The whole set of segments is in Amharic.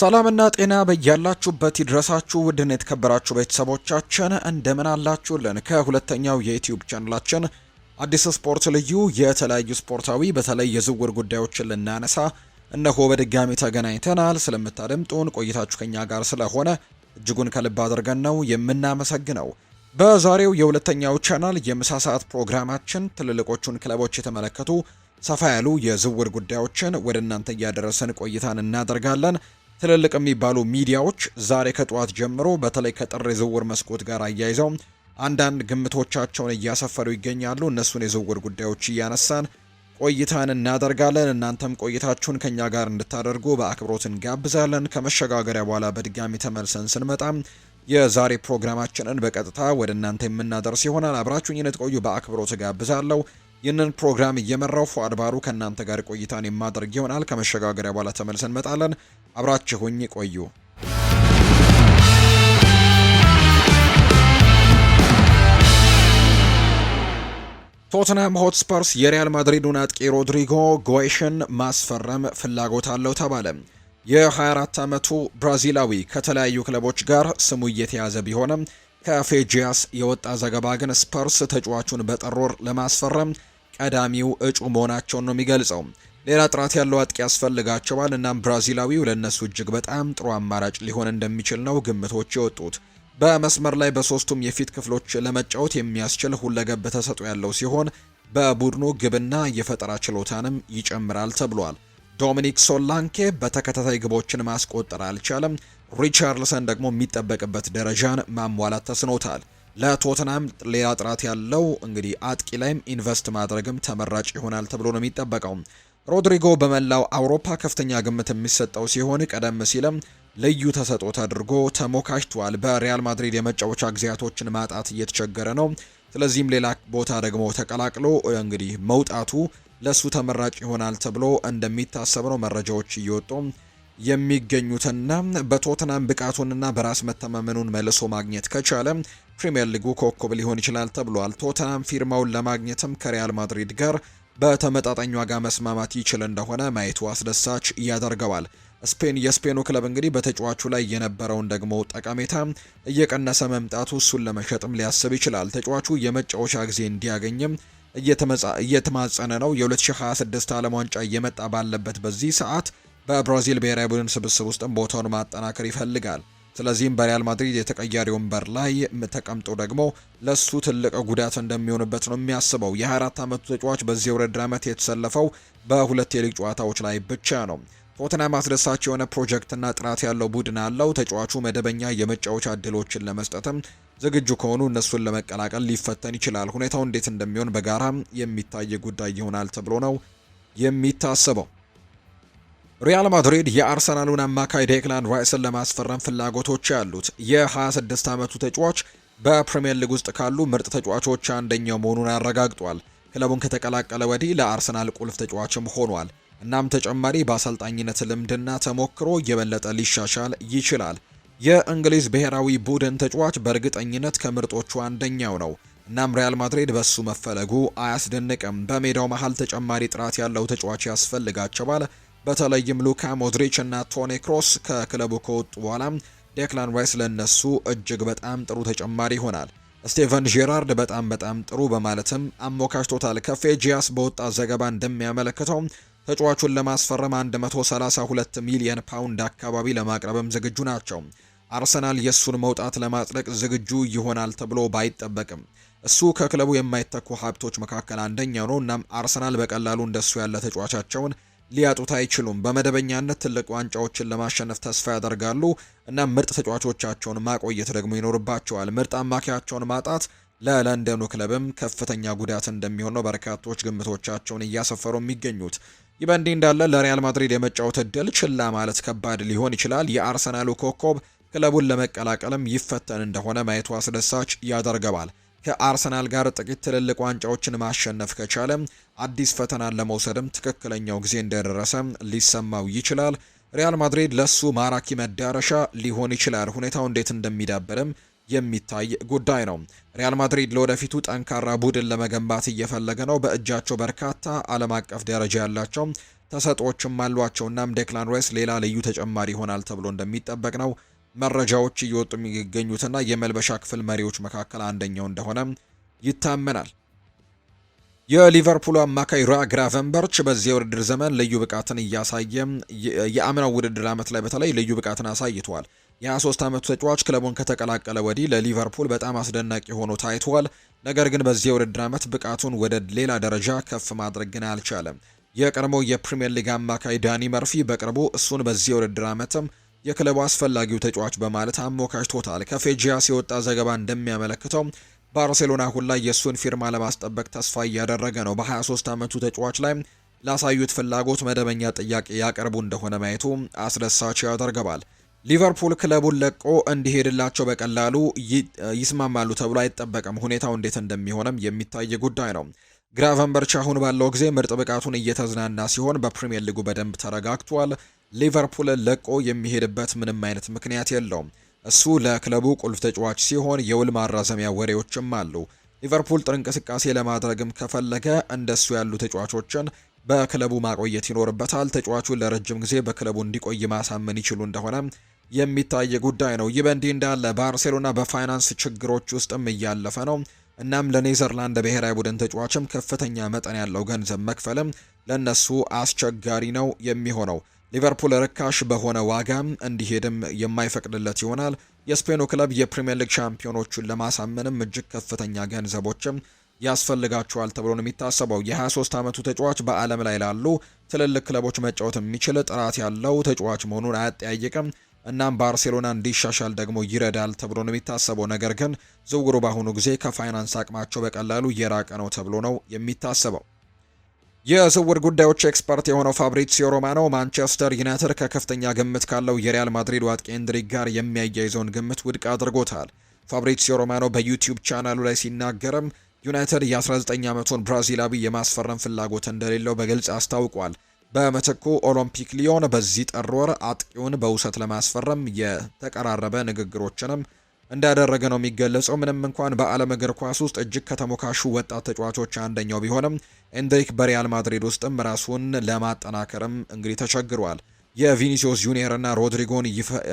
ሰላምና ጤና በያላችሁበት ይድረሳችሁ ውድን የተከበራችሁ ቤተሰቦቻችን እንደምን አላችሁልን? ከሁለተኛው የዩትዩብ ቻናላችን አዲስ ስፖርት ልዩ የተለያዩ ስፖርታዊ በተለይ የዝውውር ጉዳዮችን ልናነሳ እነሆ በድጋሚ ተገናኝተናል። ስለምታደምጡን ቆይታችሁ ከኛ ጋር ስለሆነ እጅጉን ከልብ አድርገን ነው የምናመሰግነው። በዛሬው የሁለተኛው ቻናል የምሳ ሰዓት ፕሮግራማችን ትልልቆቹን ክለቦች የተመለከቱ ሰፋ ያሉ የዝውውር ጉዳዮችን ወደ እናንተ እያደረስን ቆይታን እናደርጋለን። ትልልቅ የሚባሉ ሚዲያዎች ዛሬ ከጠዋት ጀምሮ በተለይ ከጥር የዝውውር መስኮት ጋር አያይዘው አንዳንድ ግምቶቻቸውን እያሰፈሩ ይገኛሉ። እነሱን የዝውውር ጉዳዮች እያነሳን ቆይታን እናደርጋለን። እናንተም ቆይታችሁን ከኛ ጋር እንድታደርጉ በአክብሮት እንጋብዛለን። ከመሸጋገሪያ በኋላ በድጋሚ ተመልሰን ስንመጣ የዛሬ ፕሮግራማችንን በቀጥታ ወደ እናንተ የምናደርስ ይሆናል። አብራችሁኝ ቆዩ፣ በአክብሮት እጋብዛለሁ። ይህንን ፕሮግራም እየመራው ፉአድ ባሩ ከእናንተ ጋር ቆይታን የማደርግ ይሆናል። ከመሸጋገሪያ በኋላ ተመልሰ እንመጣለን። አብራችሁኝ ቆዩ። ቶትናም ሆትስፐርስ የሪያል ማድሪዱን አጥቂ ሮድሪጎ ጎይሽን ማስፈረም ፍላጎት አለው ተባለ። የ24 ዓመቱ ብራዚላዊ ከተለያዩ ክለቦች ጋር ስሙ እየተያዘ ቢሆንም ከፌጂያስ የወጣ ዘገባ ግን ስፐርስ ተጫዋቹን በጥር ወር ለማስፈረም ቀዳሚው እጩ መሆናቸውን ነው የሚገልጸው። ሌላ ጥራት ያለው አጥቂ ያስፈልጋቸዋል። እናም ብራዚላዊው ለእነሱ እጅግ በጣም ጥሩ አማራጭ ሊሆን እንደሚችል ነው ግምቶች የወጡት። በመስመር ላይ በሶስቱም የፊት ክፍሎች ለመጫወት የሚያስችል ሁለገብ ተሰጥኦ ያለው ሲሆን በቡድኑ ግብና የፈጠራ ችሎታንም ይጨምራል ተብሏል። ዶሚኒክ ሶላንኬ በተከታታይ ግቦችን ማስቆጠር አልቻለም። ሪቻርልሰን ደግሞ የሚጠበቅበት ደረጃን ማሟላት ተስኖታል። ለቶተናም ሌላ ጥራት ያለው እንግዲህ አጥቂ ላይም ኢንቨስት ማድረግም ተመራጭ ይሆናል ተብሎ ነው የሚጠበቀው። ሮድሪጎ በመላው አውሮፓ ከፍተኛ ግምት የሚሰጠው ሲሆን ቀደም ሲልም ልዩ ተሰጦ ተደርጎ ተሞካሽቷል። በሪያል ማድሪድ የመጫወቻ ጊዜያቶችን ማጣት እየተቸገረ ነው። ስለዚህም ሌላ ቦታ ደግሞ ተቀላቅሎ እንግዲህ መውጣቱ ለሱ ተመራጭ ይሆናል ተብሎ እንደሚታሰብ ነው መረጃዎች እየወጡ የሚገኙትና በቶትናም ብቃቱንና በራስ መተማመኑን መልሶ ማግኘት ከቻለ ፕሪምየር ሊጉ ኮከብ ሊሆን ይችላል ተብሏል። ቶተናም ፊርማውን ለማግኘትም ከሪያል ማድሪድ ጋር በተመጣጣኝ ዋጋ መስማማት ይችል እንደሆነ ማየቱ አስደሳች ያደርገዋል። ስፔን የስፔኑ ክለብ እንግዲህ በተጫዋቹ ላይ የነበረውን ደግሞ ጠቀሜታ እየቀነሰ መምጣቱ እሱን ለመሸጥም ሊያስብ ይችላል። ተጫዋቹ የመጫወቻ ጊዜ እንዲያገኝም እየተማጸነ ነው። የ2026 ዓለም ዋንጫ እየመጣ ባለበት በዚህ ሰዓት በብራዚል ብሔራዊ ቡድን ስብስብ ውስጥም ቦታውን ማጠናከር ይፈልጋል። ስለዚህም በሪያል ማድሪድ የተቀያሪ ወንበር ላይ ተቀምጦ ደግሞ ለሱ ትልቅ ጉዳት እንደሚሆንበት ነው የሚያስበው። የ24 ዓመቱ ተጫዋች በዚህ ውድድር ዓመት የተሰለፈው በሁለት የሊግ ጨዋታዎች ላይ ብቻ ነው። ቶተናም አስደሳች የሆነ ፕሮጀክትና ጥራት ያለው ቡድን አለው። ተጫዋቹ መደበኛ የመጫወቻ እድሎችን ለመስጠትም ዝግጁ ከሆኑ እነሱን ለመቀላቀል ሊፈተን ይችላል። ሁኔታው እንዴት እንደሚሆን በጋራ የሚታይ ጉዳይ ይሆናል ተብሎ ነው የሚታሰበው። ሪያል ማድሪድ የአርሰናሉን አማካይ ዴክላን ራይስን ለማስፈረም ፍላጎቶች ያሉት የ26 ዓመቱ ተጫዋች በፕሪምየር ሊግ ውስጥ ካሉ ምርጥ ተጫዋቾች አንደኛው መሆኑን አረጋግጧል። ክለቡን ከተቀላቀለ ወዲህ ለአርሰናል ቁልፍ ተጫዋችም ሆኗል። እናም ተጨማሪ በአሰልጣኝነት ልምድና ተሞክሮ የበለጠ ሊሻሻል ይችላል። የእንግሊዝ ብሔራዊ ቡድን ተጫዋች በእርግጠኝነት ከምርጦቹ አንደኛው ነው። እናም ሪያል ማድሪድ በሱ መፈለጉ አያስደንቅም። በሜዳው መሃል ተጨማሪ ጥራት ያለው ተጫዋች ያስፈልጋቸዋል። በተለይም ሉካ ሞድሪች እና ቶኒ ክሮስ ከክለቡ ከወጡ በኋላ ዴክላን ራይስ ለነሱ እጅግ በጣም ጥሩ ተጨማሪ ይሆናል። ስቴቨን ጄራርድ በጣም በጣም ጥሩ በማለትም አሞካሽቶታል። ከፌጂያስ በወጣ ዘገባ እንደሚያመለክተው ተጫዋቹን ለማስፈረም 132 ሚሊየን ፓውንድ አካባቢ ለማቅረብም ዝግጁ ናቸው። አርሰናል የእሱን መውጣት ለማጽደቅ ዝግጁ ይሆናል ተብሎ ባይጠበቅም እሱ ከክለቡ የማይተኩ ሀብቶች መካከል አንደኛው ነው። እናም አርሰናል በቀላሉ እንደሱ ያለ ተጫዋቻቸውን ሊያጡት አይችሉም። በመደበኛነት ትልቅ ዋንጫዎችን ለማሸነፍ ተስፋ ያደርጋሉ እና ምርጥ ተጫዋቾቻቸውን ማቆየት ደግሞ ይኖርባቸዋል። ምርጥ አማካያቸውን ማጣት ለለንደኑ ክለብም ከፍተኛ ጉዳት እንደሚሆን ነው በርካቶች ግምቶቻቸውን እያሰፈሩ የሚገኙት። ይህ በእንዲህ እንዳለ ለሪያል ማድሪድ የመጫወት እድል ችላ ማለት ከባድ ሊሆን ይችላል። የአርሰናሉ ኮከብ ክለቡን ለመቀላቀልም ይፈተን እንደሆነ ማየቱ አስደሳች ያደርገዋል። ከአርሰናል ጋር ጥቂት ትልልቅ ዋንጫዎችን ማሸነፍ ከቻለ አዲስ ፈተናን ለመውሰድም ትክክለኛው ጊዜ እንደደረሰ ሊሰማው ይችላል። ሪያል ማድሪድ ለሱ ማራኪ መዳረሻ ሊሆን ይችላል። ሁኔታው እንዴት እንደሚዳበርም የሚታይ ጉዳይ ነው። ሪያል ማድሪድ ለወደፊቱ ጠንካራ ቡድን ለመገንባት እየፈለገ ነው። በእጃቸው በርካታ ዓለም አቀፍ ደረጃ ያላቸው ተሰጦችም አሏቸው። እናም ዴክላን ራይስ ሌላ ልዩ ተጨማሪ ይሆናል ተብሎ እንደሚጠበቅ ነው መረጃዎች እየወጡ የሚገኙትና የመልበሻ ክፍል መሪዎች መካከል አንደኛው እንደሆነ ይታመናል። የሊቨርፑል አማካይ ራ ግራቨንበርች በዚህ የውድድር ዘመን ልዩ ብቃትን እያሳየ የአምናው ውድድር ዓመት ላይ በተለይ ልዩ ብቃትን አሳይቷል። የ23 ዓመቱ ተጫዋች ክለቡን ከተቀላቀለ ወዲህ ለሊቨርፑል በጣም አስደናቂ ሆኖ ታይቷል። ነገር ግን በዚህ የውድድር ዓመት ብቃቱን ወደ ሌላ ደረጃ ከፍ ማድረግ ግን አልቻለም። የቀድሞው የፕሪምየር ሊግ አማካይ ዳኒ መርፊ በቅርቡ እሱን በዚህ የውድድር ዓመትም የክለቡ አስፈላጊው ተጫዋች በማለት አሞካሽቶታል። ከፌጂያስ የወጣ ዘገባ እንደሚያመለክተው ባርሴሎና አሁን ላይ የእሱን ፊርማ ለማስጠበቅ ተስፋ እያደረገ ነው። በ23 ዓመቱ ተጫዋች ላይ ላሳዩት ፍላጎት መደበኛ ጥያቄ ያቀርቡ እንደሆነ ማየቱ አስደሳች ያደርገዋል። ሊቨርፑል ክለቡን ለቆ እንዲሄድላቸው በቀላሉ ይስማማሉ ተብሎ አይጠበቅም። ሁኔታው እንዴት እንደሚሆንም የሚታይ ጉዳይ ነው። ግራቨንበርች አሁን ባለው ጊዜ ምርጥ ብቃቱን እየተዝናና ሲሆን፣ በፕሪምየር ሊጉ በደንብ ተረጋግቷል። ሊቨርፑልን ለቆ የሚሄድበት ምንም አይነት ምክንያት የለውም። እሱ ለክለቡ ቁልፍ ተጫዋች ሲሆን የውል ማራዘሚያ ወሬዎችም አሉ። ሊቨርፑል ጥሩ እንቅስቃሴ ለማድረግም ከፈለገ እንደሱ ያሉ ተጫዋቾችን በክለቡ ማቆየት ይኖርበታል። ተጫዋቹ ለረጅም ጊዜ በክለቡ እንዲቆይ ማሳመን ይችሉ እንደሆነ የሚታይ ጉዳይ ነው። ይህ በእንዲህ እንዳለ ባርሴሎና በፋይናንስ ችግሮች ውስጥም እያለፈ ነው። እናም ለኔዘርላንድ ብሔራዊ ቡድን ተጫዋችም ከፍተኛ መጠን ያለው ገንዘብ መክፈልም ለነሱ አስቸጋሪ ነው የሚሆነው። ሊቨርፑል ርካሽ በሆነ ዋጋ እንዲሄድም የማይፈቅድለት ይሆናል። የስፔኑ ክለብ የፕሪምየር ሊግ ሻምፒዮኖቹን ለማሳመንም እጅግ ከፍተኛ ገንዘቦችም ያስፈልጋቸዋል ተብሎ ነው የሚታሰበው። የ23 ዓመቱ ተጫዋች በዓለም ላይ ላሉ ትልልቅ ክለቦች መጫወት የሚችል ጥራት ያለው ተጫዋች መሆኑን አያጠያይቅም። እናም ባርሴሎና እንዲሻሻል ደግሞ ይረዳል ተብሎ ነው የሚታሰበው። ነገር ግን ዝውውሩ በአሁኑ ጊዜ ከፋይናንስ አቅማቸው በቀላሉ የራቀ ነው ተብሎ ነው የሚታሰበው። የዝውውር ጉዳዮች ኤክስፐርት የሆነው ፋብሪሲዮ ሮማኖ ማንቸስተር ዩናይትድ ከከፍተኛ ግምት ካለው የሪያል ማድሪድ አጥቂ ኤንድሪክ ጋር የሚያያይዘውን ግምት ውድቅ አድርጎታል። ፋብሪሲዮ ሮማኖ በዩቲዩብ ቻናሉ ላይ ሲናገርም ዩናይትድ የ19 ዓመቱን ብራዚላዊ የማስፈረም ፍላጎት እንደሌለው በግልጽ አስታውቋል። በምትኩ ኦሎምፒክ ሊዮን በዚህ ጥር ወር አጥቂውን በውሰት ለማስፈረም የተቀራረበ ንግግሮችንም እንዳደረገ ነው የሚገለጸው። ምንም እንኳን በዓለም እግር ኳስ ውስጥ እጅግ ከተሞካሹ ወጣት ተጫዋቾች አንደኛው ቢሆንም ኤንድሪክ በሪያል ማድሪድ ውስጥም ራሱን ለማጠናከርም እንግዲህ ተቸግሯል። የቪኒሲዮስ ጁኒየር እና ሮድሪጎን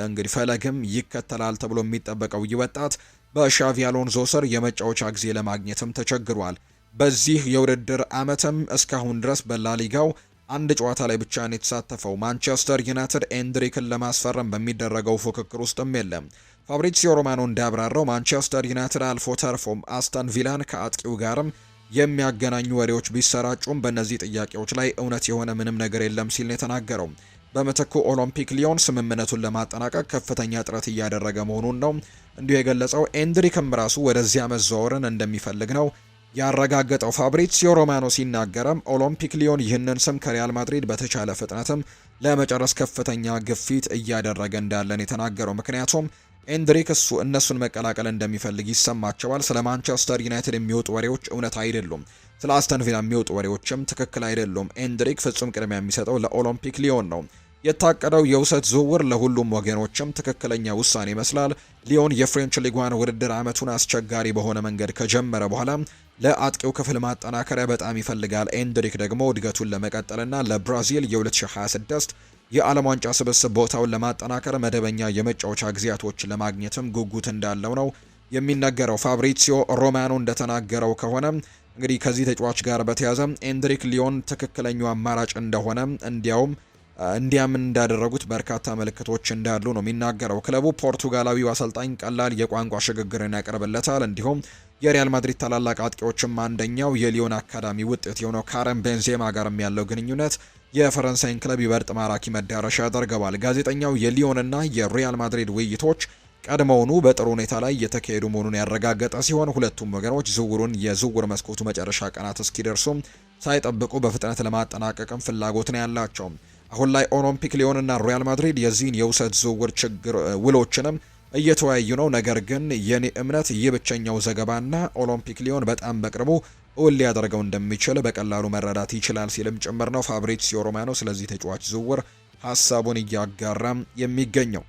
እንግዲህ ፈለግም ይከተላል ተብሎ የሚጠበቀው ይህ ወጣት በሻቪ አሎንዞ ስር የመጫወቻ ጊዜ ለማግኘትም ተቸግሯል። በዚህ የውድድር ዓመትም እስካሁን ድረስ በላሊጋው አንድ ጨዋታ ላይ ብቻ ነው የተሳተፈው። ማንቸስተር ዩናይትድ ኤንድሪክን ለማስፈረም በሚደረገው ፉክክር ውስጥም የለም። ፋብሪዚዮ ሮማኖ እንዳብራራው ማንቸስተር ዩናይትድ አልፎ ተርፎም አስተን ቪላን ከአጥቂው ጋርም የሚያገናኙ ወሬዎች ቢሰራጩም በእነዚህ ጥያቄዎች ላይ እውነት የሆነ ምንም ነገር የለም ሲል ነው የተናገረው። በምትኩ ኦሎምፒክ ሊዮን ስምምነቱን ለማጠናቀቅ ከፍተኛ ጥረት እያደረገ መሆኑን ነው እንዲሁ የገለጸው። ኤንድሪክም ራሱ ወደዚያ መዘዋወርን እንደሚፈልግ ነው ያረጋገጠው። ፋብሪዚዮ ሮማኖ ሲናገረም ኦሎምፒክ ሊዮን ይህንን ስም ከሪያል ማድሪድ በተቻለ ፍጥነትም ለመጨረስ ከፍተኛ ግፊት እያደረገ እንዳለን የተናገረው ምክንያቱም ኤንድሪክ እሱ እነሱን መቀላቀል እንደሚፈልግ ይሰማቸዋል። ስለ ማንቸስተር ዩናይትድ የሚወጡ ወሬዎች እውነት አይደሉም። ስለ አስተን ቪላ የሚወጡ ወሬዎችም ትክክል አይደሉም። ኤንድሪክ ፍጹም ቅድሚያ የሚሰጠው ለኦሎምፒክ ሊዮን ነው። የታቀደው የውሰት ዝውውር ለሁሉም ወገኖችም ትክክለኛ ውሳኔ ይመስላል። ሊዮን የፍሬንች ሊጓን ውድድር ዓመቱን አስቸጋሪ በሆነ መንገድ ከጀመረ በኋላ ለአጥቂው ክፍል ማጠናከሪያ በጣም ይፈልጋል። ኤንድሪክ ደግሞ እድገቱን ለመቀጠልና ለብራዚል የ2026 የዓለም ዋንጫ ስብስብ ቦታውን ለማጠናከር መደበኛ የመጫወቻ ጊዜያቶችን ለማግኘትም ጉጉት እንዳለው ነው የሚነገረው። ፋብሪሲዮ ሮማኖ እንደተናገረው ከሆነ እንግዲህ ከዚህ ተጫዋች ጋር በተያዘ ኤንድሪክ ሊዮን ትክክለኛው አማራጭ እንደሆነ እንዲያውም እንዲያም እንዳደረጉት በርካታ ምልክቶች እንዳሉ ነው የሚናገረው። ክለቡ ፖርቱጋላዊው አሰልጣኝ ቀላል የቋንቋ ሽግግርን ያቀርብለታል። እንዲሁም የሪያል ማድሪድ ታላላቅ አጥቂዎችም አንደኛው የሊዮን አካዳሚ ውጤት የሆነው ካረን ቤንዜማ ጋርም ያለው ግንኙነት የፈረንሳይን ክለብ ይበልጥ ማራኪ መዳረሻ ያደርገዋል። ጋዜጠኛው የሊዮንና የሪያል ማድሪድ ውይይቶች ቀድሞውኑ በጥሩ ሁኔታ ላይ የተካሄዱ መሆኑን ያረጋገጠ ሲሆን ሁለቱም ወገኖች ዝውውሩን የዝውውር መስኮቱ መጨረሻ ቀናት እስኪደርሱም ሳይጠብቁ በፍጥነት ለማጠናቀቅም ፍላጎት ነው ያላቸው። አሁን ላይ ኦሎምፒክ ሊዮንና ሪያል ማድሪድ የዚህን የውሰት ዝውውር ችግር ውሎችንም እየተወያዩ ነው። ነገር ግን የኔ እምነት ይህ ብቸኛው ዘገባና ኦሎምፒክ ሊዮን በጣም በቅርቡ እውን ሊያደርገው እንደሚችል በቀላሉ መረዳት ይችላል ሲልም ጭምር ነው ፋብሪዚዮ ሮማኖ ስለዚህ ተጫዋች ዝውውር ሀሳቡን እያጋራም የሚገኘው።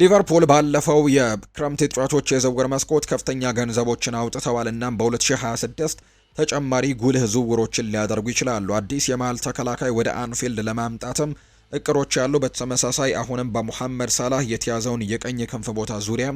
ሊቨርፑል ባለፈው የክረምት ተጫዋቾች የዝውውር መስኮት ከፍተኛ ገንዘቦችን አውጥተዋል። እናም በ2026 ተጨማሪ ጉልህ ዝውውሮችን ሊያደርጉ ይችላሉ። አዲስ የመሃል ተከላካይ ወደ አንፊልድ ለማምጣትም እቅዶች ያሉ። በተመሳሳይ አሁንም በሙሐመድ ሳላህ የተያዘውን የቀኝ ክንፍ ቦታ ዙሪያ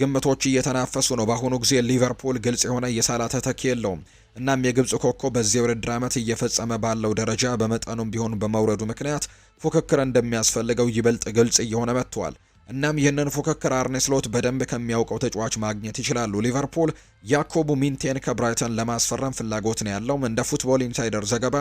ግምቶች እየተናፈሱ ነው። በአሁኑ ጊዜ ሊቨርፑል ግልጽ የሆነ የሳላ ተተኪ የለውም። እናም የግብፅ ኮከብ በዚህ የውድድር ዓመት እየፈጸመ ባለው ደረጃ በመጠኑም ቢሆን በመውረዱ ምክንያት ፉክክር እንደሚያስፈልገው ይበልጥ ግልጽ እየሆነ መጥቷል። እናም ይህንን ፉክክር አርኔ ስሎት በደንብ ከሚያውቀው ተጫዋች ማግኘት ይችላሉ። ሊቨርፑል ያኮቡ ሚንቴን ከብራይተን ለማስፈረም ፍላጎት ነው ያለው። እንደ ፉትቦል ኢንሳይደር ዘገባ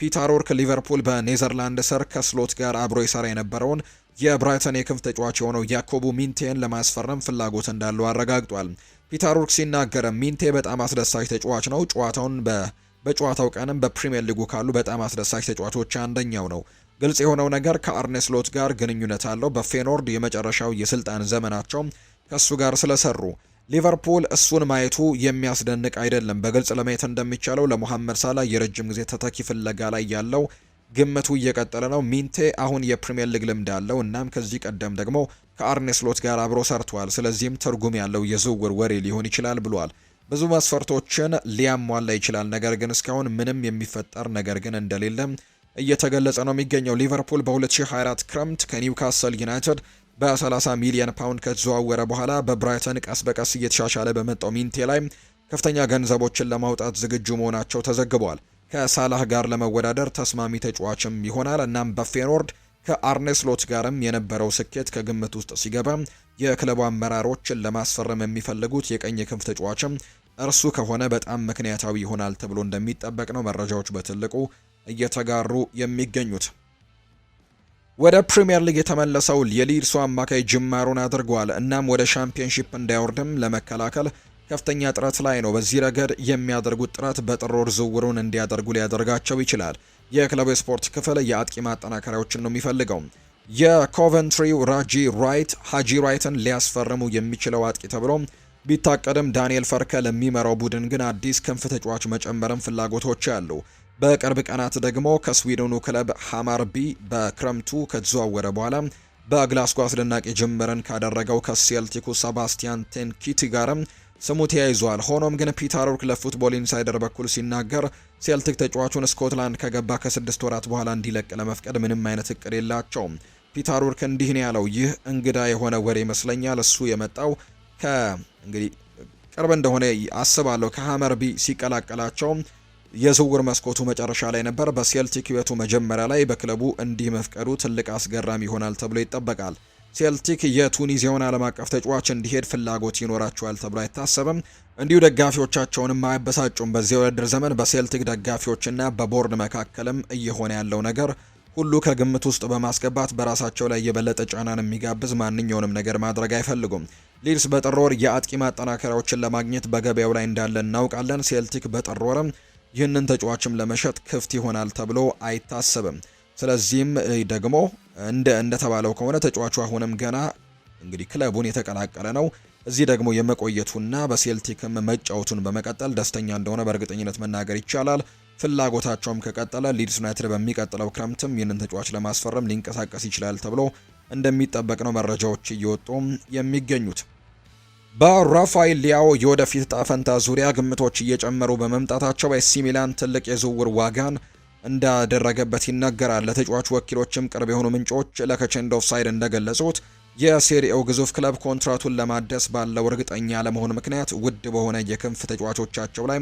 ፒተር ኦርክ ሊቨርፑል በኔዘርላንድ ስር ከስሎት ጋር አብሮ የሰራ የነበረውን የብራይተን የክንፍ ተጫዋች የሆነው ያኮቡ ሚንቴን ለማስፈረም ፍላጎት እንዳለው አረጋግጧል። ፒተር ሩርክ ሲናገረ ሚንቴ በጣም አስደሳች ተጫዋች ነው። ጨዋታውን በጨዋታው ቀንም በፕሪምየር ሊጉ ካሉ በጣም አስደሳች ተጫዋቾች አንደኛው ነው። ግልጽ የሆነው ነገር ከአርኔ ስሎት ጋር ግንኙነት አለው። በፌኖርድ የመጨረሻው የስልጣን ዘመናቸው ከእሱ ጋር ስለሰሩ ሊቨርፑል እሱን ማየቱ የሚያስደንቅ አይደለም። በግልጽ ለማየት እንደሚቻለው ለሞሐመድ ሳላ የረጅም ጊዜ ተተኪ ፍለጋ ላይ ያለው ግምቱ እየቀጠለ ነው። ሚንቴ አሁን የፕሪምየር ሊግ ልምድ አለው። እናም ከዚህ ቀደም ደግሞ ከአርኔ ስሎት ጋር አብሮ ሰርቷል። ስለዚህም ትርጉም ያለው የዝውውር ወሬ ሊሆን ይችላል ብሏል። ብዙ መስፈርቶችን ሊያሟላ ይችላል፣ ነገር ግን እስካሁን ምንም የሚፈጠር ነገር ግን እንደሌለም እየተገለጸ ነው የሚገኘው። ሊቨርፑል በ2024 ክረምት ከኒውካስል ዩናይትድ በ30 ሚሊዮን ፓውንድ ከተዘዋወረ በኋላ በብራይተን ቀስ በቀስ እየተሻሻለ በመጣው ሚንቴ ላይ ከፍተኛ ገንዘቦችን ለማውጣት ዝግጁ መሆናቸው ተዘግቧል። ከሳላህ ጋር ለመወዳደር ተስማሚ ተጫዋችም ይሆናል። እናም በፌኖርድ ከአርኔስሎት ጋርም የነበረው ስኬት ከግምት ውስጥ ሲገባ የክለቡ አመራሮችን ለማስፈረም የሚፈልጉት የቀኝ ክንፍ ተጫዋችም እርሱ ከሆነ በጣም ምክንያታዊ ይሆናል ተብሎ እንደሚጠበቅ ነው መረጃዎች በትልቁ እየተጋሩ የሚገኙት። ወደ ፕሪምየር ሊግ የተመለሰው የሊድሱ አማካይ ጅማሩን አድርጓል። እናም ወደ ሻምፒየንሺፕ እንዳይወርድም ለመከላከል ከፍተኛ ጥረት ላይ ነው። በዚህ ረገድ የሚያደርጉት ጥረት በጥሮር ዝውውሩን እንዲያደርጉ ሊያደርጋቸው ይችላል። የክለቡ የስፖርት ክፍል የአጥቂ ማጠናከሪያዎችን ነው የሚፈልገው። የኮቨንትሪው ራጂ ራይት ሀጂ ራይትን ሊያስፈርሙ የሚችለው አጥቂ ተብሎ ቢታቀድም ዳንኤል ፈርከ ለሚመራው ቡድን ግን አዲስ ክንፍ ተጫዋች መጨመርም ፍላጎቶች አሉ። በቅርብ ቀናት ደግሞ ከስዊድኑ ክለብ ሃማርቢ በክረምቱ ከተዘዋወረ በኋላ በግላስጎ አስደናቂ ጅምርን ካደረገው ከሴልቲኩ ሰባስቲያን ቴንኪቲ ጋርም ስሙ ተያይዟል። ሆኖም ግን ፒተር ኦርክ ለፉትቦል ኢንሳይደር በኩል ሲናገር ሴልቲክ ተጫዋቹን ስኮትላንድ ከገባ ከስድስት ወራት በኋላ እንዲለቅ ለመፍቀድ ምንም አይነት እቅድ የላቸውም። ፒተር ኦርክ እንዲህ ነው ያለው። ይህ እንግዳ የሆነ ወሬ ይመስለኛል። እሱ የመጣው ከ እንግዲህ ቅርብ እንደሆነ አስባለሁ ከሀመር ቢ ሲቀላቀላቸው የዝውውር መስኮቱ መጨረሻ ላይ ነበር። በሴልቲክ ህይወቱ መጀመሪያ ላይ በክለቡ እንዲህ መፍቀዱ ትልቅ አስገራሚ ይሆናል ተብሎ ይጠበቃል። ሴልቲክ የቱኒዚያውን ዓለም አቀፍ ተጫዋች እንዲሄድ ፍላጎት ይኖራቸዋል ተብሎ አይታሰብም። እንዲሁ ደጋፊዎቻቸውንም አያበሳጩም። በዚህ ውድድር ዘመን በሴልቲክ ደጋፊዎችና በቦርድ መካከልም እየሆነ ያለው ነገር ሁሉ ከግምት ውስጥ በማስገባት በራሳቸው ላይ የበለጠ ጫናን የሚጋብዝ ማንኛውንም ነገር ማድረግ አይፈልጉም። ሊድስ በጥር ወር የአጥቂ ማጠናከሪያዎችን ለማግኘት በገበያው ላይ እንዳለ እናውቃለን። ሴልቲክ በጥር ወርም ይህንን ተጫዋችም ለመሸጥ ክፍት ይሆናል ተብሎ አይታሰብም። ስለዚህም ደግሞ እንደ እንደተባለው ከሆነ ተጫዋቹ አሁንም ገና እንግዲህ ክለቡን የተቀላቀለ ነው። እዚህ ደግሞ የመቆየቱና በሴልቲክም መጫወቱን በመቀጠል ደስተኛ እንደሆነ በእርግጠኝነት መናገር ይቻላል። ፍላጎታቸውም ከቀጠለ ሊድስ ዩናይትድ በሚቀጥለው ክረምትም ይህንን ተጫዋች ለማስፈረም ሊንቀሳቀስ ይችላል ተብሎ እንደሚጠበቅ ነው መረጃዎች እየወጡ የሚገኙት። በራፋኤል ሊያው የወደፊት ጣፈንታ ዙሪያ ግምቶች እየጨመሩ በመምጣታቸው ኤሲ ሚላን ትልቅ የዝውውር ዋጋን እንዳደረገበት ይናገራል። ለተጫዋች ወኪሎችም ቅርብ የሆኑ ምንጮች ለከቼንዶ ኦፍሳይድ እንደገለጹት የሴሪኤው ግዙፍ ክለብ ኮንትራቱን ለማደስ ባለው እርግጠኛ ለመሆን ምክንያት ውድ በሆነ የክንፍ ተጫዋቾቻቸው ላይ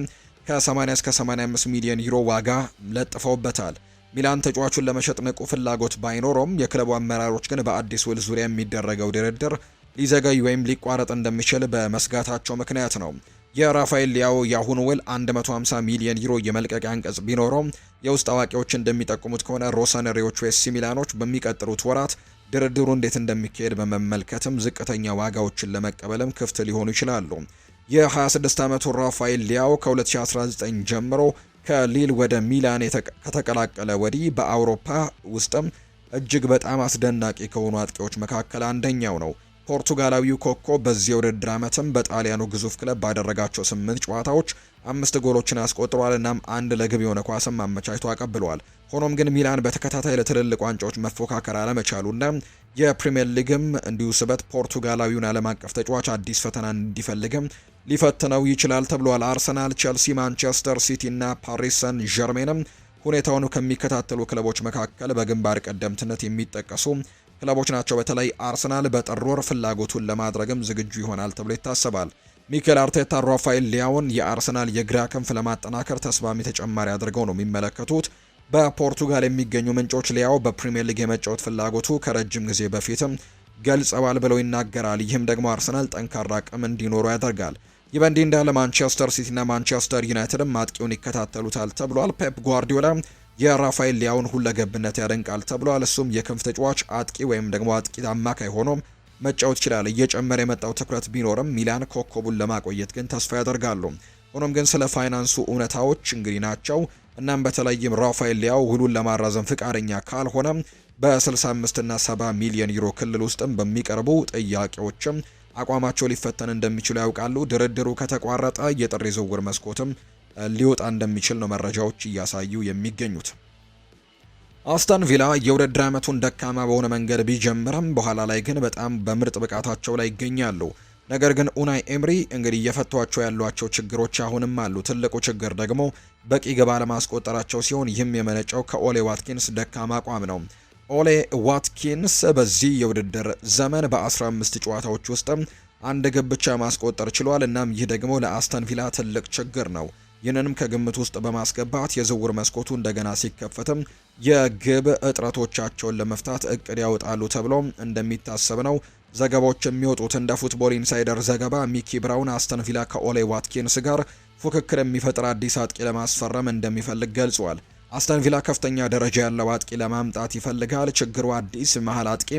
ከ80 እስከ 85 ሚሊዮን ዩሮ ዋጋ ለጥፈውበታል። ሚላን ተጫዋቹን ለመሸጥ ንቁ ፍላጎት ባይኖረውም የክለቡ አመራሮች ግን በአዲስ ውል ዙሪያ የሚደረገው ድርድር ሊዘገይ ወይም ሊቋረጥ እንደሚችል በመስጋታቸው ምክንያት ነው። የራፋኤል ሊያው የአሁኑ ውል 150 ሚሊዮን ዩሮ የመልቀቂያ አንቀጽ ቢኖረውም የውስጥ አዋቂዎች እንደሚጠቁሙት ከሆነ ሮሰነሪዎቹ ኤሲ ሚላኖች በሚቀጥሉት ወራት ድርድሩ እንዴት እንደሚካሄድ በመመልከትም ዝቅተኛ ዋጋዎችን ለመቀበልም ክፍት ሊሆኑ ይችላሉ። የ26 ዓመቱ ራፋኤል ሊያው ከ2019 ጀምሮ ከሊል ወደ ሚላን ከተቀላቀለ ወዲህ በአውሮፓ ውስጥም እጅግ በጣም አስደናቂ ከሆኑ አጥቂዎች መካከል አንደኛው ነው። ፖርቱጋላዊው ኮኮ በዚህ ውድድር ዓመትም በጣሊያኑ ግዙፍ ክለብ ባደረጋቸው ስምንት ጨዋታዎች አምስት ጎሎችን አስቆጥሯል። እናም አንድ ለግብ የሆነ ኳስም አመቻችቶ አቀብሏል። ሆኖም ግን ሚላን በተከታታይ ለትልልቅ ዋንጫዎች መፎካከር አለመቻሉና የፕሪምየር ሊግም እንዲሁ ስበት ፖርቱጋላዊውን ዓለም አቀፍ ተጫዋች አዲስ ፈተና እንዲፈልግም ሊፈትነው ይችላል ተብሏል። አርሰናል፣ ቼልሲ፣ ማንቸስተር ሲቲ እና ፓሪስ ሰን ዠርሜንም ሁኔታውን ከሚከታተሉ ክለቦች መካከል በግንባር ቀደምትነት የሚጠቀሱ ክለቦች ናቸው። በተለይ አርሰናል በጥር ወር ፍላጎቱን ለማድረግም ዝግጁ ይሆናል ተብሎ ይታሰባል። ሚኬል አርቴታ ራፋኤል ሊያውን የአርሰናል የግራ ክንፍ ለማጠናከር ተስማሚ ተጨማሪ አድርገው ነው የሚመለከቱት። በፖርቱጋል የሚገኙ ምንጮች ሊያው በፕሪምየር ሊግ የመጫወት ፍላጎቱ ከረጅም ጊዜ በፊትም ገልጸዋል ብለው ይናገራል። ይህም ደግሞ አርሰናል ጠንካራ አቅም እንዲኖሩ ያደርጋል። ይህ በእንዲህ እንዳለ ማንቸስተር ሲቲና ማንቸስተር ዩናይትድም አጥቂውን ይከታተሉታል ተብሏል። ፔፕ ጓርዲዮላ የራፋኤል ሊያውን ሁለገብነት ያደንቃል ተብሏል። እሱም የክንፍ ተጫዋች አጥቂ ወይም ደግሞ አጥቂ አማካይ ሆኖም መጫወት ይችላል። እየጨመረ የመጣው ትኩረት ቢኖርም ሚላን ኮከቡን ለማቆየት ግን ተስፋ ያደርጋሉ። ሆኖም ግን ስለ ፋይናንሱ እውነታዎች እንግዲህ ናቸው። እናም በተለይም ራፋኤል ሊያው ውሉን ለማራዘም ፍቃደኛ ካልሆነ በ65 እና 70 ሚሊዮን ዩሮ ክልል ውስጥም በሚቀርቡ ጥያቄዎችም አቋማቸው ሊፈተን እንደሚችሉ ያውቃሉ። ድርድሩ ከተቋረጠ የጥር ዝውውር መስኮትም ሊወጣ እንደሚችል ነው መረጃዎች እያሳዩ የሚገኙት። አስተን ቪላ የውድድር ዓመቱን ደካማ በሆነ መንገድ ቢጀምርም በኋላ ላይ ግን በጣም በምርጥ ብቃታቸው ላይ ይገኛሉ። ነገር ግን ኡናይ ኤምሪ እንግዲህ እየፈቷቸው ያሏቸው ችግሮች አሁንም አሉ። ትልቁ ችግር ደግሞ በቂ ግብ አለማስቆጠራቸው ሲሆን ይህም የመነጨው ከኦሌ ዋትኪንስ ደካማ አቋም ነው። ኦሌ ዋትኪንስ በዚህ የውድድር ዘመን በ15 ጨዋታዎች ውስጥም አንድ ግብ ብቻ ማስቆጠር ችሏል። እናም ይህ ደግሞ ለአስተን ቪላ ትልቅ ችግር ነው። ይህንንም ከግምት ውስጥ በማስገባት የዝውውር መስኮቱ እንደገና ሲከፈትም የግብ እጥረቶቻቸውን ለመፍታት እቅድ ያወጣሉ ተብሎ እንደሚታሰብ ነው ዘገባዎች የሚወጡት። እንደ ፉትቦል ኢንሳይደር ዘገባ ሚኪ ብራውን አስተን ቪላ ከኦሌ ዋትኪንስ ጋር ፉክክር የሚፈጥር አዲስ አጥቂ ለማስፈረም እንደሚፈልግ ገልጿል። አስተን ቪላ ከፍተኛ ደረጃ ያለው አጥቂ ለማምጣት ይፈልጋል። ችግሩ አዲስ መሀል አጥቂ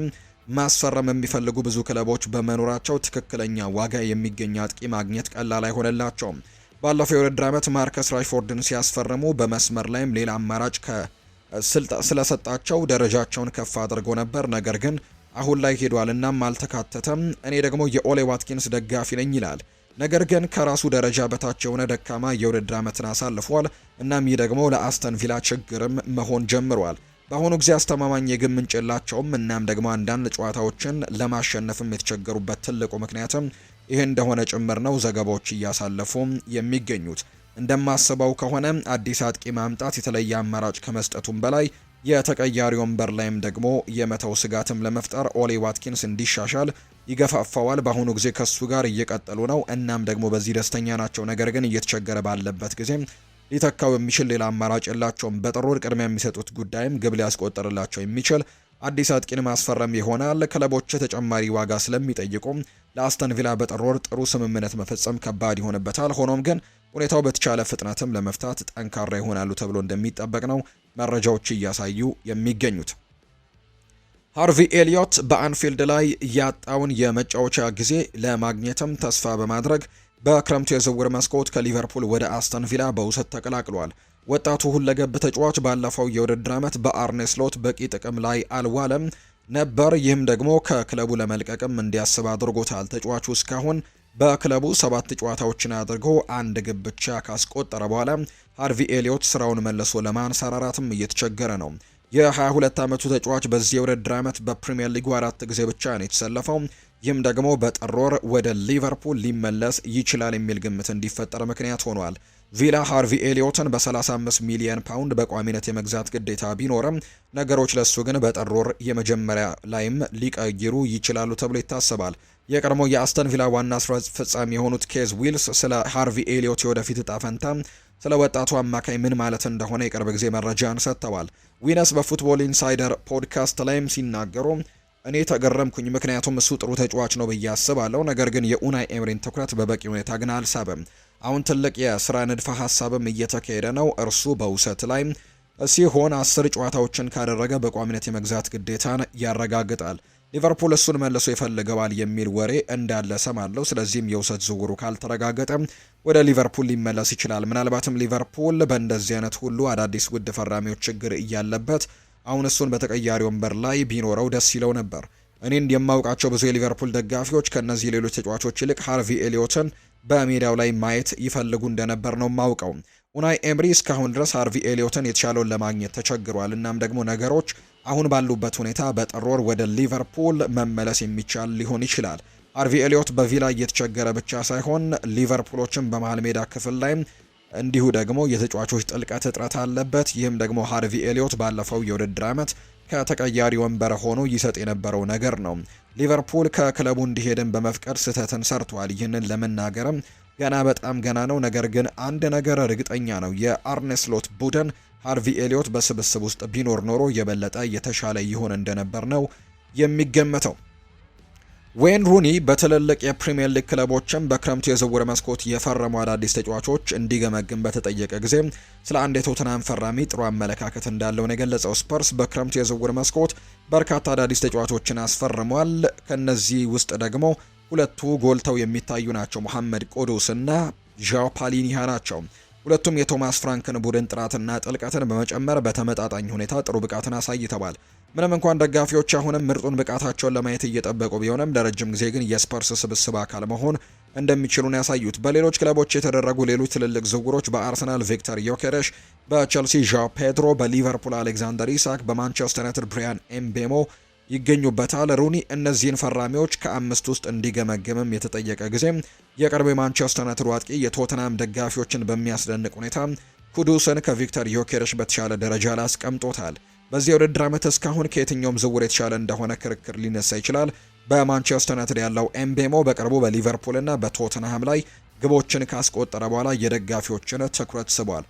ማስፈረም የሚፈልጉ ብዙ ክለቦች በመኖራቸው ትክክለኛ ዋጋ የሚገኝ አጥቂ ማግኘት ቀላል አይሆንላቸውም። ባለፈው የውድድር ዓመት ማርከስ ራሽፎርድን ሲያስፈርሙ በመስመር ላይም ሌላ አማራጭ ስለሰጣቸው ደረጃቸውን ከፍ አድርጎ ነበር። ነገር ግን አሁን ላይ ሄዷል እናም አልተካተተም። እኔ ደግሞ የኦሌ ዋትኪንስ ደጋፊ ነኝ ይላል። ነገር ግን ከራሱ ደረጃ በታች የሆነ ደካማ የውድድር ዓመትን አሳልፏል። እናም ይህ ደግሞ ለአስተን ቪላ ችግርም መሆን ጀምሯል። በአሁኑ ጊዜ አስተማማኝ የግብ ምንጭ የላቸውም። እናም ደግሞ አንዳንድ ጨዋታዎችን ለማሸነፍም የተቸገሩበት ትልቁ ምክንያትም ይህ እንደሆነ ጭምር ነው ዘገባዎች እያሳለፉ የሚገኙት። እንደማስበው ከሆነ አዲስ አጥቂ ማምጣት የተለየ አማራጭ ከመስጠቱም በላይ የተቀያሪ ወንበር ላይም ደግሞ የመተው ስጋትም ለመፍጠር ኦሊ ዋትኪንስ እንዲሻሻል ይገፋፋዋል። በአሁኑ ጊዜ ከሱ ጋር እየቀጠሉ ነው፣ እናም ደግሞ በዚህ ደስተኛ ናቸው። ነገር ግን እየተቸገረ ባለበት ጊዜ ሊተካው የሚችል ሌላ አማራጭ የላቸውም። በጥሩ ቅድሚያ የሚሰጡት ጉዳይም ግብ ሊያስቆጠርላቸው የሚችል አዲስ አጥቂን ማስፈረም ይሆናል። ክለቦች ተጨማሪ ዋጋ ስለሚጠይቁም ለአስተን ቪላ በጥር ወር ጥሩ ስምምነት መፈጸም ከባድ ይሆንበታል። ሆኖም ግን ሁኔታው በተቻለ ፍጥነትም ለመፍታት ጠንካራ ይሆናሉ ተብሎ እንደሚጠበቅ ነው መረጃዎች እያሳዩ የሚገኙት። ሃርቪ ኤሊዮት በአንፊልድ ላይ ያጣውን የመጫወቻ ጊዜ ለማግኘትም ተስፋ በማድረግ በክረምቱ የዝውውር መስኮት ከሊቨርፑል ወደ አስተን ቪላ በውሰት ተቀላቅሏል። ወጣቱ ሁለገብ ተጫዋች ባለፈው የውድድር ዓመት በአርኔ ስሎት በቂ ጥቅም ላይ አልዋለም ነበር። ይህም ደግሞ ከክለቡ ለመልቀቅም እንዲያስብ አድርጎታል። ተጫዋቹ እስካሁን በክለቡ ሰባት ጨዋታዎችን አድርጎ አንድ ግብ ብቻ ካስቆጠረ በኋላ ሃርቪ ኤሊዮት ስራውን መልሶ ለማንሰራራትም እየተቸገረ ነው። የ22 ዓመቱ ተጫዋች በዚህ የውድድር ዓመት በፕሪምየር ሊጉ አራት ጊዜ ብቻ ነው የተሰለፈው። ይህም ደግሞ በጥር ወር ወደ ሊቨርፑል ሊመለስ ይችላል የሚል ግምት እንዲፈጠር ምክንያት ሆኗል። ቪላ ሃርቪ ኤሊዮትን በ35 ሚሊዮን ፓውንድ በቋሚነት የመግዛት ግዴታ ቢኖርም ነገሮች ለሱ ግን በጥር ወር የመጀመሪያ ላይም ሊቀይሩ ይችላሉ ተብሎ ይታሰባል። የቀድሞ የአስተን ቪላ ዋና ስራ አስፈጻሚ የሆኑት ኬዝ ዊልስ ስለ ሃርቪ ኤሊዮት የወደፊት እጣ ፈንታ ስለ ወጣቱ አማካይ ምን ማለት እንደሆነ የቅርብ ጊዜ መረጃን ሰጥተዋል። ዊነስ በፉትቦል ኢንሳይደር ፖድካስት ላይም ሲናገሩ እኔ ተገረምኩኝ፣ ምክንያቱም እሱ ጥሩ ተጫዋች ነው ብዬ አስባለሁ። ነገር ግን የኡናይ ኤምሪን ትኩረት በበቂ ሁኔታ ግን አልሳበም። አሁን ትልቅ የስራ ንድፈ ሀሳብም እየተካሄደ ነው። እርሱ በውሰት ላይ ሲሆን አስር ጨዋታዎችን ካደረገ በቋሚነት የመግዛት ግዴታን ያረጋግጣል። ሊቨርፑል እሱን መልሶ ይፈልገዋል የሚል ወሬ እንዳለ ሰማለው። ስለዚህም የውሰት ዝውውሩ ካልተረጋገጠ ወደ ሊቨርፑል ሊመለስ ይችላል። ምናልባትም ሊቨርፑል በእንደዚህ አይነት ሁሉ አዳዲስ ውድ ፈራሚዎች ችግር እያለበት አሁን እሱን በተቀያሪ ወንበር ላይ ቢኖረው ደስ ይለው ነበር። እኔ እንደማውቃቸው ብዙ የሊቨርፑል ደጋፊዎች ከእነዚህ ሌሎች ተጫዋቾች ይልቅ ሃርቪ ኤሊዮትን በሜዳው ላይ ማየት ይፈልጉ እንደነበር ነው ማውቀው። ኡናይ ኤምሪ እስካሁን ድረስ አርቪ ኤሊዮትን የተሻለውን ለማግኘት ተቸግሯል። እናም ደግሞ ነገሮች አሁን ባሉበት ሁኔታ በጥር ወር ወደ ሊቨርፑል መመለስ የሚቻል ሊሆን ይችላል። አርቪ ኤሊዮት በቪላ እየተቸገረ ብቻ ሳይሆን ሊቨርፑሎችን በመሃል ሜዳ ክፍል ላይ እንዲሁ ደግሞ የተጫዋቾች ጥልቀት እጥረት አለበት። ይህም ደግሞ ሃርቪ ኤሊዮት ባለፈው የውድድር ዓመት ከተቀያሪ ወንበር ሆኖ ይሰጥ የነበረው ነገር ነው። ሊቨርፑል ከክለቡ እንዲሄድን በመፍቀድ ስህተትን ሰርቷል። ይህንን ለመናገርም ገና በጣም ገና ነው። ነገር ግን አንድ ነገር እርግጠኛ ነው፣ የአርኔስሎት ቡድን ሃርቪ ኤሊዮት በስብስብ ውስጥ ቢኖር ኖሮ የበለጠ የተሻለ ይሆን እንደነበር ነው የሚገመተው። ወይን ሩኒ በትልልቅ የፕሪምየር ሊግ ክለቦችም በክረምቱ የዝውውር መስኮት የፈረሙ አዳዲስ ተጫዋቾች እንዲገመግም በተጠየቀ ጊዜ ስለ አንድ የቶተናም ፈራሚ ጥሩ አመለካከት እንዳለው ነው የገለጸው። ስፐርስ በክረምቱ የዝውውር መስኮት በርካታ አዳዲስ ተጫዋቾችን አስፈርሟል። ከነዚህ ውስጥ ደግሞ ሁለቱ ጎልተው የሚታዩ ናቸው። መሐመድ ቆዱስ እና ዣው ፓሊኒሃ ናቸው። ሁለቱም የቶማስ ፍራንክን ቡድን ጥራትና ጥልቀትን በመጨመር በተመጣጣኝ ሁኔታ ጥሩ ብቃትን አሳይተዋል። ምንም እንኳን ደጋፊዎች አሁንም ምርጡን ብቃታቸውን ለማየት እየጠበቁ ቢሆንም ለረጅም ጊዜ ግን የስፐርስ ስብስብ አካል መሆን እንደሚችሉን ያሳዩት። በሌሎች ክለቦች የተደረጉ ሌሎች ትልልቅ ዝውውሮች በአርሰናል ቪክተር ዮኬረሽ፣ በቸልሲ ዣ ፔድሮ፣ በሊቨርፑል አሌክዛንደር ኢሳክ፣ በማንቸስተር ዩናይትድ ብሪያን ኤምቤሞ ይገኙበታል። ሩኒ እነዚህን ፈራሚዎች ከአምስት ውስጥ እንዲገመግምም የተጠየቀ ጊዜ የቅርብ የማንቸስተር ዩናይትድ አጥቂ የቶተናም ደጋፊዎችን በሚያስደንቅ ሁኔታ ኩዱስን ከቪክተር ዮኬርሽ በተሻለ ደረጃ ላይ አስቀምጦታል። በዚህ ውድድር ዓመት እስካሁን ከየትኛውም ዝውውር የተሻለ እንደሆነ ክርክር ሊነሳ ይችላል። በማንቸስተር ዩናይትድ ያለው ኤምቤሞ በቅርቡ በሊቨርፑልና በቶትንሃም ላይ ግቦችን ካስቆጠረ በኋላ የደጋፊዎችን ትኩረት ስቧል።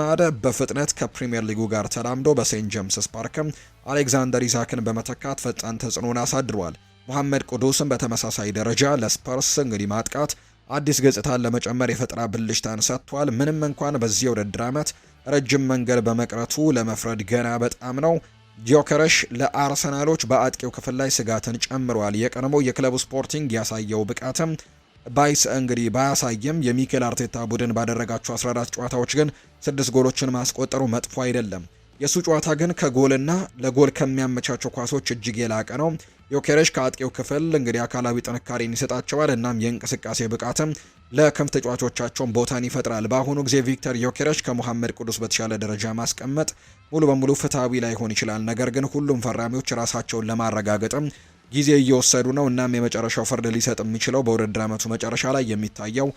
ማደ በፍጥነት ከፕሪምየር ሊጉ ጋር ተላምዶ በሴንት ጀምስስ ፓርክም አሌክዛንደር ኢሳክን በመተካት ፈጣን ተጽዕኖን አሳድሯል። መሐመድ ቅዱስም በተመሳሳይ ደረጃ ለስፐርስ እንግዲህ ማጥቃት አዲስ ገጽታን ለመጨመር የፈጠራ ብልሽታን ሰጥቷል። ምንም እንኳን በዚህ ውድድር ዓመት ረጅም መንገድ በመቅረቱ ለመፍረድ ገና በጣም ነው። ጊዮከረሽ ለአርሰናሎች በአጥቂው ክፍል ላይ ስጋትን ጨምሯል። የቀድሞው የክለቡ ስፖርቲንግ ያሳየው ብቃትም ባይስ እንግዲህ ባያሳየም የሚኬል አርቴታ ቡድን ባደረጋቸው 14 ጨዋታዎች ግን ስድስት ጎሎችን ማስቆጠሩ መጥፎ አይደለም። የእሱ ጨዋታ ግን ከጎልና ለጎል ከሚያመቻቸው ኳሶች እጅግ የላቀ ነው። ዮኬሬሽ ከአጥቂው ክፍል እንግዲህ አካላዊ ጥንካሬን ይሰጣቸዋል። እናም የእንቅስቃሴ ብቃትም ለክንፍ ተጫዋቾቻቸውን ቦታን ይፈጥራል። በአሁኑ ጊዜ ቪክተር ዮኬሬሽ ከሙሐመድ ቅዱስ በተሻለ ደረጃ ማስቀመጥ ሙሉ በሙሉ ፍትሐዊ ላይሆን ይችላል። ነገር ግን ሁሉም ፈራሚዎች ራሳቸውን ለማረጋገጥም ጊዜ እየወሰዱ ነው። እናም የመጨረሻው ፍርድ ሊሰጥ የሚችለው በውድድር ዓመቱ መጨረሻ ላይ የሚታየው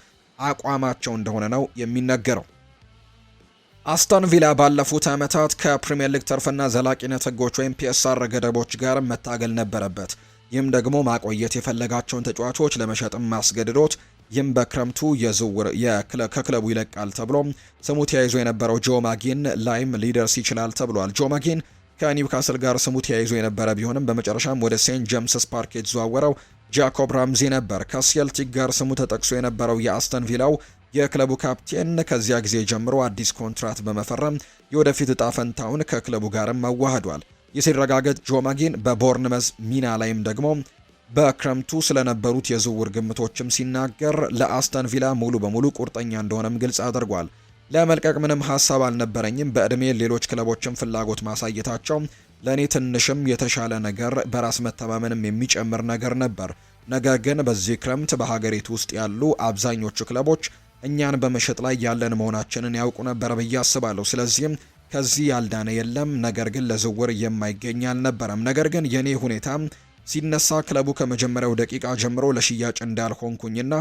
አቋማቸው እንደሆነ ነው የሚነገረው። አስተን ቪላ ባለፉት ዓመታት ከፕሪምየር ሊግ ትርፍና ዘላቂነት ህጎች ወይም ፒኤስአር ገደቦች ጋር መታገል ነበረበት። ይህም ደግሞ ማቆየት የፈለጋቸውን ተጫዋቾች ለመሸጥም ማስገድዶት ይህም በክረምቱ የዝውውር ከክለቡ ይለቃል ተብሎ ስሙ ተያይዞ የነበረው ጆ ማጊን ላይም ሊደርስ ይችላል ተብሏል። ጆ ማጊን ከኒውካስል ጋር ስሙ ተያይዞ የነበረ ቢሆንም በመጨረሻም ወደ ሴንት ጄምስስ ፓርክ የተዘዋወረው ጃኮብ ራምዚ ነበር። ከሴልቲክ ጋር ስሙ ተጠቅሶ የነበረው የአስተን ቪላው የክለቡ ካፕቴን ከዚያ ጊዜ ጀምሮ አዲስ ኮንትራት በመፈረም የወደፊት እጣ ፈንታውን ከክለቡ ጋርም አዋህዷል። ይህ ሲረጋገጥ ጆማጌን በቦርንመዝ ሚና ላይም ደግሞ በክረምቱ ስለነበሩት የዝውውር ግምቶችም ሲናገር ለአስተን ቪላ ሙሉ በሙሉ ቁርጠኛ እንደሆነም ግልጽ አድርጓል። ለመልቀቅ ምንም ሀሳብ አልነበረኝም። በእድሜ ሌሎች ክለቦችን ፍላጎት ማሳየታቸው ለእኔ ትንሽም የተሻለ ነገር በራስ መተማመንም የሚጨምር ነገር ነበር። ነገር ግን በዚህ ክረምት በሀገሪቱ ውስጥ ያሉ አብዛኞቹ ክለቦች እኛን በመሸጥ ላይ ያለን መሆናችንን ያውቁ ነበር ብዬ አስባለሁ። ስለዚህም ከዚህ ያልዳነ የለም፣ ነገር ግን ለዝውውር የማይገኝ አልነበረም። ነገር ግን የእኔ ሁኔታ ሲነሳ ክለቡ ከመጀመሪያው ደቂቃ ጀምሮ ለሽያጭ እንዳልሆንኩኝና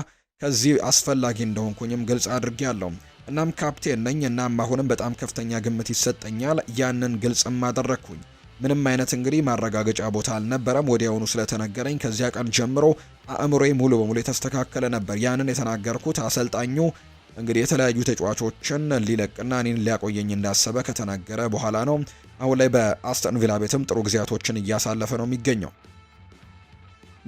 ከዚህ አስፈላጊ እንደሆንኩኝም ግልጽ አድርጌ ያለው እናም ካፕቴን ነኝ። እናም አሁንም በጣም ከፍተኛ ግምት ይሰጠኛል። ያንን ግልጽም አደረግኩኝ። ምንም አይነት እንግዲህ ማረጋገጫ ቦታ አልነበረም። ወዲያውኑ ስለተነገረኝ ከዚያ ቀን ጀምሮ አእምሮዬ ሙሉ በሙሉ የተስተካከለ ነበር። ያንን የተናገርኩት አሰልጣኙ እንግዲህ የተለያዩ ተጫዋቾችን ሊለቅና እኔን ሊያቆየኝ እንዳሰበ ከተናገረ በኋላ ነው። አሁን ላይ በአስተን ቪላ ቤትም ጥሩ ጊዜያቶችን እያሳለፈ ነው የሚገኘው።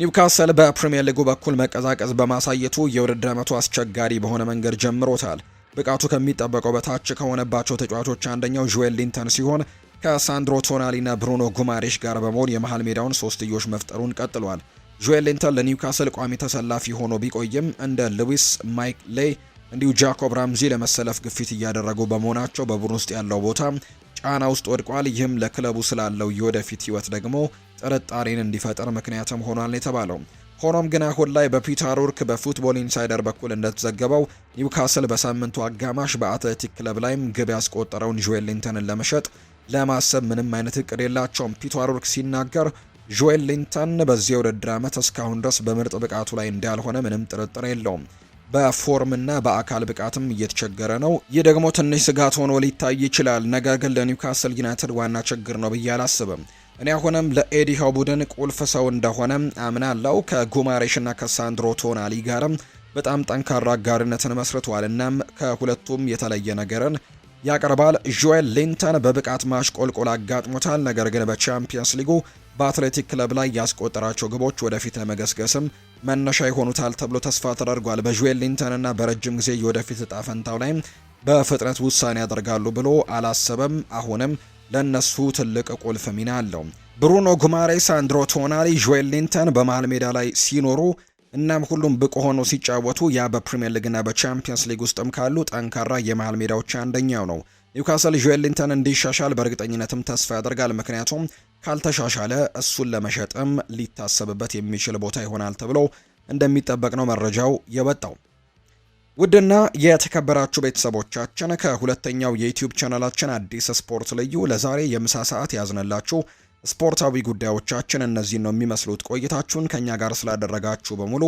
ኒውካስል በፕሪምየር ሊጉ በኩል መቀዛቀዝ በማሳየቱ የውድድር ዓመቱ አስቸጋሪ በሆነ መንገድ ጀምሮታል። ብቃቱ ከሚጠበቀው በታች ከሆነባቸው ተጫዋቾች አንደኛው ዥዌል ሊንተን ሲሆን ከሳንድሮ ቶናሊና ብሩኖ ጉማሬሽ ጋር በመሆን የመሃል ሜዳውን ሶስትዮሽ መፍጠሩን ቀጥሏል። ዥዌል ሊንተን ለኒውካስል ቋሚ ተሰላፊ ሆኖ ቢቆይም እንደ ሉዊስ ማይክ ሌይ እንዲሁ ጃኮብ ራምዚ ለመሰለፍ ግፊት እያደረጉ በመሆናቸው በቡድን ውስጥ ያለው ቦታ ጫና ውስጥ ወድቋል። ይህም ለክለቡ ስላለው የወደፊት ህይወት ደግሞ ጥርጣሬን እንዲፈጠር ምክንያትም ሆኗል የተባለው ሆኖም ግን አሁን ላይ በፒተር ኡርክ በፉትቦል ኢንሳይደር በኩል እንደተዘገበው ኒውካስል በሳምንቱ አጋማሽ በአትሌቲክ ክለብ ላይም ግብ ያስቆጠረውን ጆኤል ሊንተንን ለመሸጥ ለማሰብ ምንም አይነት እቅድ የላቸውም። ፒተር ኡርክ ሲናገር ጆኤል ሊንተን በዚህ የውድድር ዓመት እስካሁን ድረስ በምርጥ ብቃቱ ላይ እንዳልሆነ ምንም ጥርጥር የለውም። በፎርምና በአካል ብቃትም እየተቸገረ ነው። ይህ ደግሞ ትንሽ ስጋት ሆኖ ሊታይ ይችላል። ነገር ግን ለኒውካስል ዩናይትድ ዋና ችግር ነው ብዬ አላስብም። እኔ አሁንም ለኤዲሃው ቡድን ቁልፍ ሰው እንደሆነ አምናለው። ከጉማሬሽና ከሳንድሮ ቶናሊ ጋርም በጣም ጠንካራ አጋርነትን መስርቷል። እናም ከሁለቱም የተለየ ነገርን ያቀርባል። ጆኤል ሊንተን በብቃት ማሽቆልቆል አጋጥሞታል። ነገር ግን በቻምፒየንስ ሊጉ በአትሌቲክ ክለብ ላይ ያስቆጠራቸው ግቦች ወደፊት ለመገስገስም መነሻ ይሆኑታል ተብሎ ተስፋ ተደርጓል። በጆኤል ሊንተንና በረጅም ጊዜ የወደፊት እጣ ፈንታው ላይ በፍጥነት ውሳኔ ያደርጋሉ ብሎ አላሰበም። አሁንም ለእነሱ ትልቅ ቁልፍ ሚና አለው። ብሩኖ ጉማሬስ፣ አንድሮ ቶናሊ፣ ጆኤል ሊንተን በመሃል ሜዳ ላይ ሲኖሩ እናም ሁሉም ብቁ ሆኖ ሲጫወቱ ያ በፕሪምየር ሊግና በቻምፒየንስ ሊግ ውስጥም ካሉ ጠንካራ የመሃል ሜዳዎች አንደኛው ነው። ኒውካስል ጆኤል ሊንተን እንዲሻሻል በእርግጠኝነትም ተስፋ ያደርጋል። ምክንያቱም ካልተሻሻለ እሱን ለመሸጥም ሊታሰብበት የሚችል ቦታ ይሆናል ተብሎ እንደሚጠበቅ ነው መረጃው የወጣው። ውድና የተከበራችሁ ቤተሰቦቻችን ከሁለተኛው የዩትዩብ ቻናላችን አዲስ ስፖርት ልዩ ለዛሬ የምሳ ሰዓት ያዝነላችሁ ስፖርታዊ ጉዳዮቻችን እነዚህን ነው የሚመስሉት። ቆይታችሁን ከእኛ ጋር ስላደረጋችሁ በሙሉ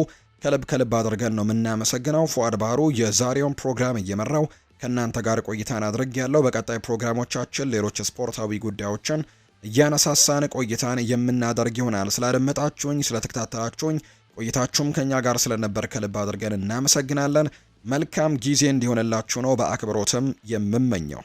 ከልብ ከልብ አድርገን ነው የምናመሰግነው። ፉአድ ባህሩ የዛሬውን ፕሮግራም እየመራው ከእናንተ ጋር ቆይታን አድርግ ያለው። በቀጣይ ፕሮግራሞቻችን ሌሎች ስፖርታዊ ጉዳዮችን እያነሳሳን ቆይታን የምናደርግ ይሆናል። ስላደመጣችሁኝ፣ ስለተከታተላችሁኝ ቆይታችሁም ከእኛ ጋር ስለነበር ከልብ አድርገን እናመሰግናለን። መልካም ጊዜ እንዲሆንላችሁ ነው በአክብሮትም የምመኘው።